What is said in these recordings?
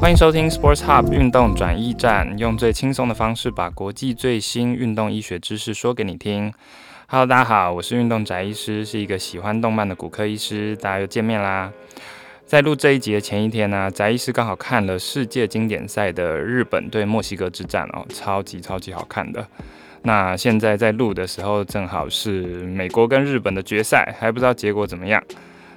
歡迎收聽 Sports Hub 運動轉驛站，用最輕鬆的方式把國際最新運動醫學知識說給你聽。哈囉，大家好，我是運動宅醫師，是一個喜歡動漫的骨科醫師，大家又見面啦。在錄這一集的前一天呢，宅醫師剛好看了世界經典賽的日本對墨西哥之戰哦，超級超級好看的。那現在在錄的時候，正好是美國跟日本的決賽，還不知道結果怎麼樣，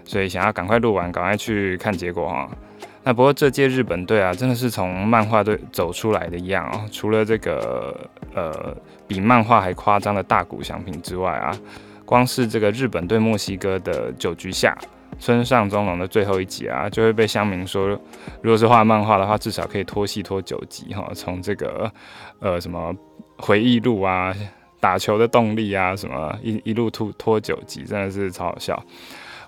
所以想要趕快錄完，趕快去看結果啊、哦。那不過這屆日本隊啊，真的是從漫畫隊走出來的一樣哦。除了這個呃比漫畫還誇張的大谷翔平之外啊，光是這個日本對墨西哥的九局下，村上宗隆的最後一擊啊，就會被鄉民說，如果是畫漫畫的話，至少可以拖戲拖九集哈、哦。從這個呃什麼回憶錄啊，打球的動力啊，什麼一一路拖拖九集，真的是超好笑。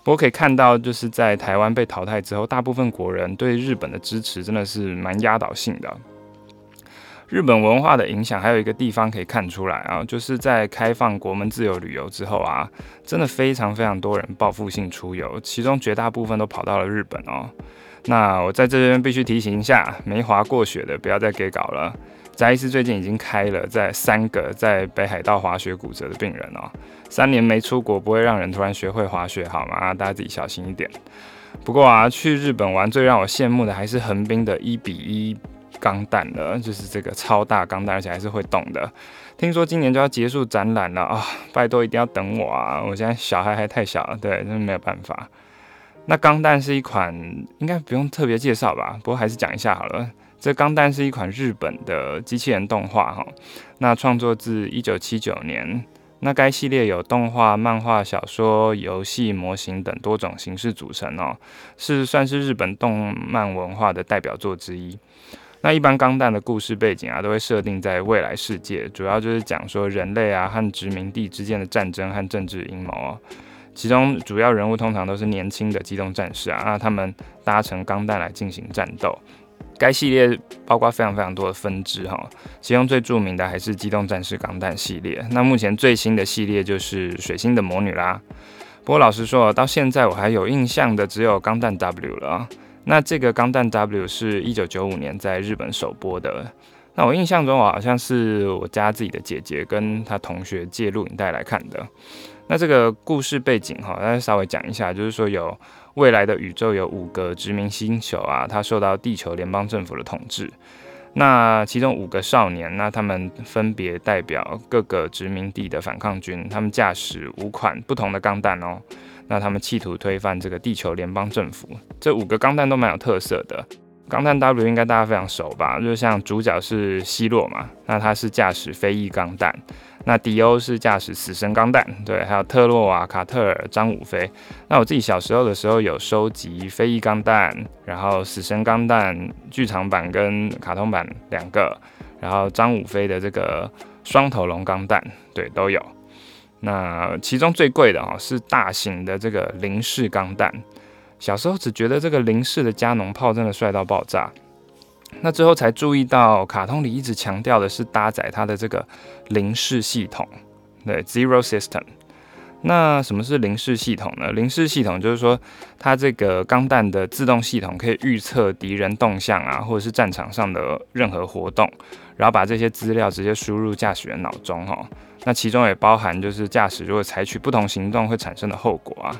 不過可以看到，就是在台灣被淘汰之後，大部分國人對日本的支持真的是蠻壓倒性的。日本文化的影響，還有一個地方可以看出來啊，就是在開放國門自由旅遊之後啊，真的非常非常多人報復性出遊，其中絕大部分都跑到了日本哦。那我在這邊必須提醒一下，沒滑過雪的不要再給稿了。宅醫師最近已經開了在三個在北海道滑雪骨折的病人哦，三年沒出國不會讓人突然學會滑雪好嗎？大家自己小心一點。不過啊，去日本玩最讓我羨慕的還是橫濱的一比一鋼彈了，就是這個超大鋼彈，而且還是會動的。聽說今年就要結束展覽了啊，哦，拜託一定要等我啊！我現在小孩還太小了，對，真的沒有辦法。那鋼彈是一款應該不用特別介紹吧，不過還是講一下好了。這《鋼彈》是一款日本的機器人動畫哈，那創作自1979年，那該系列有動畫、漫畫、小說、遊戲、模型等多種形式組成哦，是算是日本動漫文化的代表作之一。那一般《鋼彈》的故事背景啊，都會設定在未來世界，主要就是講說人類啊和殖民地之間的戰爭和政治陰謀哦，其中主要人物通常都是年輕的機動戰士啊，那他們搭乘鋼彈來進行戰鬥。該系列包括非常非常多的分支哈，其中最著名的還是《機動戰士鋼彈》系列。那目前最新的系列就是《水星的魔女》啦。不過老實說，到現在我還有印象的只有《鋼彈 W》了。那這個《鋼彈 W》是一九九五年在日本首播的。那我印象中，我好像是我家自己的姐姐跟她同學借錄影帶來看的。那這個故事背景哈，大家稍微講一下，就是說有未來的宇宙有五個殖民星球啊，它受到地球聯邦政府的統治。那其中五個少年，那他們分別代表各個殖民地的反抗軍，他們駕駛五款不同的鋼彈哦。那他們企圖推翻這個地球聯邦政府，這五個鋼彈都蠻有特色的。鋼彈 W 應該大家非常熟吧？就是像主角是希洛嘛，那他是駕駛飛翼鋼彈，那迪歐是駕駛死神鋼彈，對，還有特洛瓦、卡特爾、張五飛。那我自己小時候的時候有收集飛翼鋼彈，然後死神鋼彈劇場版跟卡通版兩個，然後張五飛的這個雙頭龍鋼彈，對，都有。那其中最貴的啊是大型的這個零式鋼彈。小時候只覺得這個零式的加農炮真的帥到爆炸，那之後才注意到，卡通裡一直強調的是搭載它的這個零式系統，對，Zero System。那什麼是零式系統呢？零式系統就是說，它這個鋼彈的自動系統可以預測敵人動向啊，或者是戰場上的任何活動，然後把這些資料直接輸入駕駛員腦中，哈。那其中也包含就是駕駛如果採取不同行動會產生的後果啊。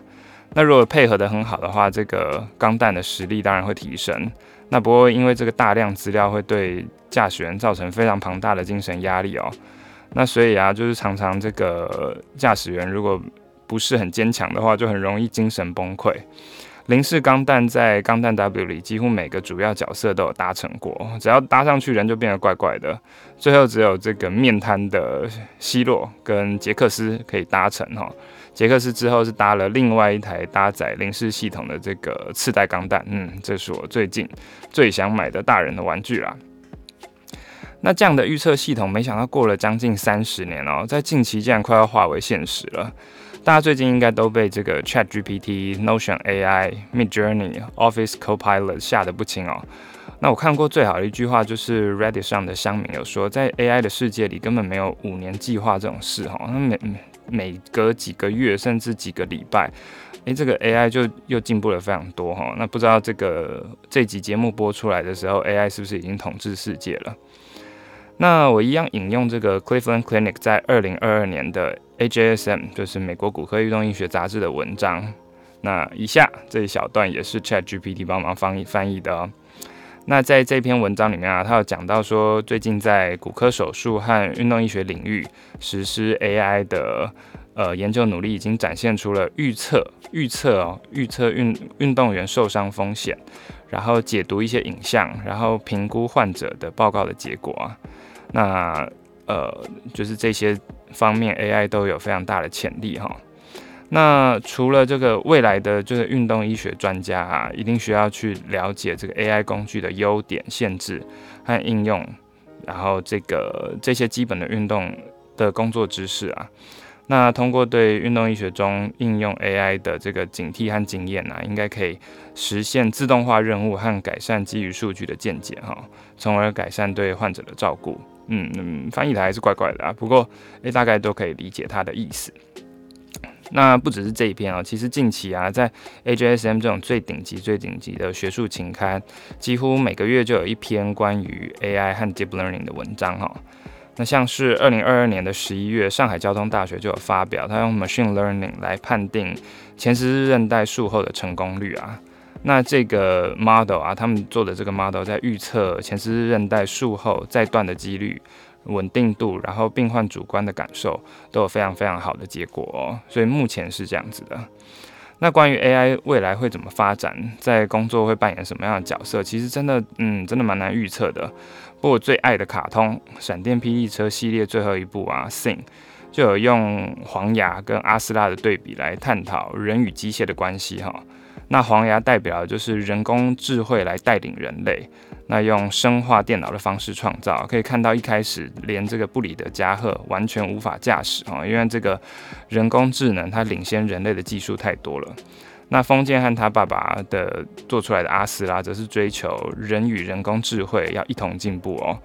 那如果配合得很好的話，這個鋼彈的實力當然會提升。那不過因為這個大量資料會對駕駛員造成非常龐大的精神壓力哦。那所以啊，就是常常這個駕駛員如果不是很堅強的話，就很容易精神崩潰。零式鋼彈在鋼彈 W 裡幾乎每個主要角色都有搭乘過，只要搭上去人就變得怪怪的。最後只有這個面癱的希洛跟傑克斯可以搭乘哈、哦。傑克斯之後是搭了另外一台搭載零式系統的這個次代鋼彈，嗯，這是我最近最想買的大人的玩具啦。那這樣的預測系統，沒想到過了將近三十年哦、喔，在近期竟然快要化為現實了。大家最近應該都被這個 ChatGPT、Notion AI、Midjourney、Office Copilot 嚇得不輕哦、喔。那我看過最好的一句話就是 Reddit 上的鄉民有說，在 AI 的世界裡根本沒有五年計劃這種事哈、喔，沒、嗯、沒。嗯每隔幾個月甚至幾個禮拜，哎、欸，這個 AI 就又進步了非常多哈。那不知道這個這集節目播出來的時候，AI 是不是已經統治世界了？那我一樣引用這個 Cleveland Clinic 在二零二二年的 AJSM，就是美國骨科運動醫學雜誌的文章。那以下這一小段也是 ChatGPT 幫忙翻譯翻譯的哦。那在這篇文章裡面啊，他有講到說，最近在骨科手術和運動醫學領域實施 AI 的呃研究努力，已經展現出了預測、預測哦、預測運運動員受傷風險，然後解讀一些影像，然後評估患者的報告的結果啊。那呃，就是這些方面 AI 都有非常大的潛力哈、哦。那除了這個未來的就是運動醫學專家啊，一定需要去了解這個 AI 工具的優點、限制和應用，然後這個這些基本的運動的工作知識啊。那通過對運動醫學中應用 AI 的這個警惕和經驗啊，應該可以實現自動化任務和改善基於數據的見解哈，從而改善對患者的照顧。嗯嗯，翻譯的還是怪怪的啊，不過誒、欸，大概都可以理解他的意思。那不只是這一篇哦，其實近期啊，在 AJSM 這種最頂級、最頂級的學術期刊，幾乎每個月就有一篇關於 AI 和 Deep Learning 的文章哈。那像是二零二二年的十一月，上海交通大學就有發表，他用 Machine Learning 來判定前十字韌帶術後的成功率啊。那這個 Model 啊，他們做的這個 Model 在預測前十字韌帶術後再斷的幾率。穩定度，然後病患主觀的感受都有非常非常好的結果哦，所以目前是這樣子的。那關於 AI 未來會怎麼發展，在工作會扮演什麼樣的角色，其實真的，嗯，真的蠻難預測的。不過我最愛的卡通《閃電霹靂車》系列最後一部啊，《Sing》就有用黃牙跟阿斯拉的對比來探討人與機械的關係哈。那黃牙代表的就是人工智慧來帶領人類。那用生化電腦的方式創造，可以看到一開始連這個布里德加賀完全無法駕駛哦，因為這個人工智能它領先人類的技術太多了。那風見和他爸爸的做出來的阿斯拉則是追求人與人工智慧要一同進步哦。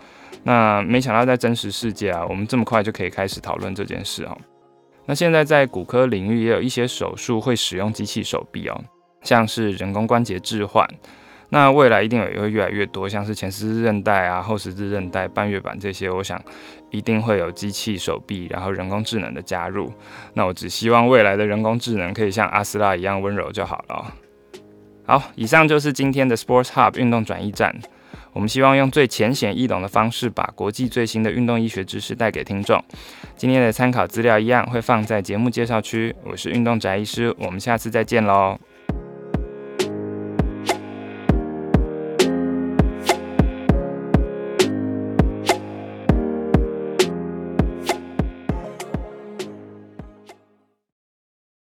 那沒想到在真實世界啊，我們這麼快就可以開始討論這件事哦。那現在在骨科領域也有一些手術會使用機器手臂哦，像是人工關節置換。那未來一定有，也會越來越多，像是前十字韌帶啊、後十字韌帶、半月板這些，我想一定會有機器手臂，然後人工智能的加入。那我只希望未來的人工智能可以像阿斯拉一樣溫柔就好了。好，以上就是今天的 Sports Hub 運動轉驛站。我們希望用最淺顯易懂的方式，把國際最新的運動醫學知識帶給聽眾。今天的參考資料一樣會放在節目介紹區。我是運動宅醫師，我們下次再見嘍。